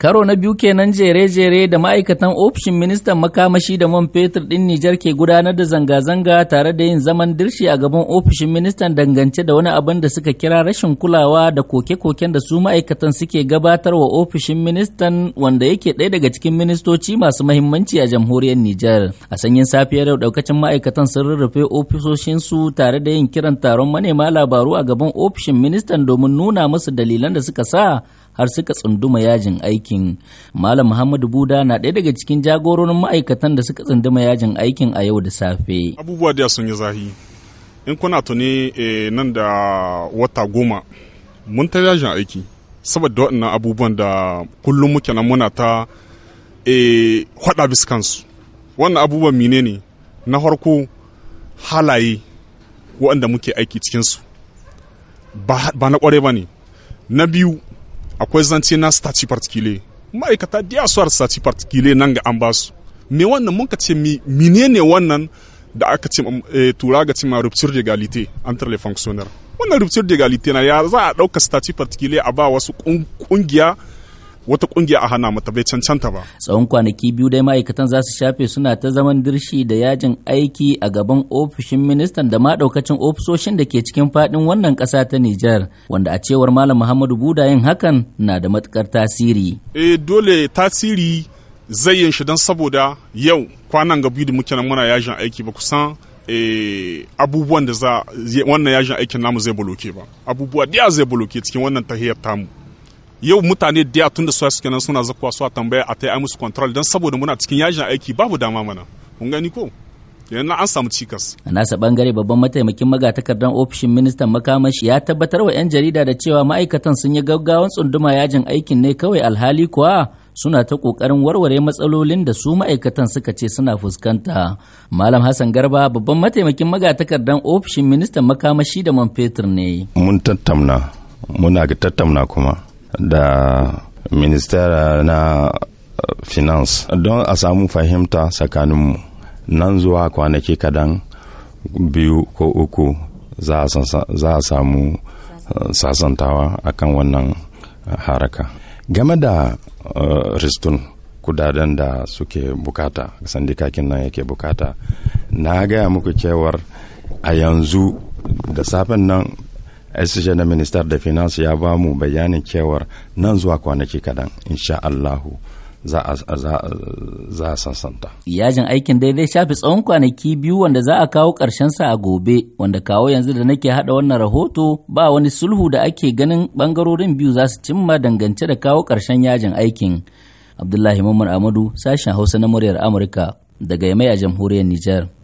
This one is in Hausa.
Karo na biyu kenan jere-jere da ma'aikatan ofishin ministan makamashi da man fetur ɗin Nijar ke gudanar da zanga-zanga tare da yin zaman dirshi a gaban ofishin ministan dangance da wani abin da suka kira rashin kulawa da koke-koken da su ma'aikatan suke gabatar wa ofishin ministan wanda yake ɗaya daga cikin ministoci masu mahimmanci a jamhuriyar Nijar. A sanyin safiyar yau ɗaukacin ma'aikatan sun rurrufe su tare da yin kiran taron manema labaru a gaban ofishin ministan domin nuna musu dalilan da suka sa har suka tsunduma yajin aikin malam muhammadu buda na ɗaya daga cikin jagororin ma'aikatan da suka tsunduma yajin aikin a yau da safe abubuwa da sun yi zahi in kuna tuni eh, nan da wata goma mun ta yajin aiki saboda waɗannan abubuwan da kullum muke nan muna ta haɗa eh, biskansu wannan abubuwan mine ne na farko halaye waɗanda muke aiki cikinsu ba na ƙware ba ne na biyu akwai zance na stati partikile ma'aikata da yasuwar stati partikile nan ga an basu me wannan mun ka ce mine ne wannan da aka ce eh, tura ga cima rupture d'égalité entre les fonctionnaires wannan rupture d'égalité na ya za a ɗauka stati partikile a ba wasu ƙungiya wata kungiya a hana mata bai cancanta ba. Tsawon kwanaki biyu dai ma'aikatan za su shafe suna ta zaman dirshi da yajin aiki a gaban ofishin ministan da maɗaukacin ofisoshin da ke cikin faɗin wannan kasa ta Nijar wanda a cewar Malam Muhammadu Buda yin hakan na da matuƙar tasiri. e dole tasiri zai yin shi don saboda yau kwanan ga biyu da muke nan muna yajin aiki ba kusan E, eh, abubuwan da za wannan yajin aikin namu zai boloke ba abubuwa da zai boloke cikin wannan tahiyar tamu yau mutane da ya tunda suwa suke nan suna zakuwa suwa tambaya a ta yi musu control don saboda muna cikin yajin aiki babu dama mana kun gani ko yana an samu cikas a nasa bangare babban mataimakin magatakardan ofishin ministan makamashi ya tabbatar wa 'yan jarida da cewa ma'aikatan sun yi gaggawan tsunduma yajin aikin ne kawai alhali kuwa suna ta kokarin warware matsalolin da su ma'aikatan suka ce suna fuskanta malam hassan garba babban mataimakin magatakardan ofishin ministan makamashi da man fetur ne mun tattauna muna ga tattauna kuma da ministera na finance don a samu fahimta tsakaninmu nan zuwa kwanaki kadan biyu ko uku za a samu eh, sasantawa a kan wannan haraka game da eh, ristun kudaden da suke bukata sandikakin nan yake bukata na gaya muku cewar a yanzu da safen nan SJ na Ministar da Finance ya ba mu bayanin cewar nan zuwa kwanaki kadan insha Allahu. za a sassanta. Yajin aikin daidai shafi tsawon kwanaki biyu wanda za a kawo sa a gobe, wanda kawo yanzu da nake haɗa wannan rahoto ba wani sulhu da ake ganin ɓangarorin biyu za su cimma dangance da kawo ƙarshen yajin aikin. Abdullahi Muhammad Amadu, sashen Hausa na muryar Amurka, daga mai a jamhuriyar Nijar.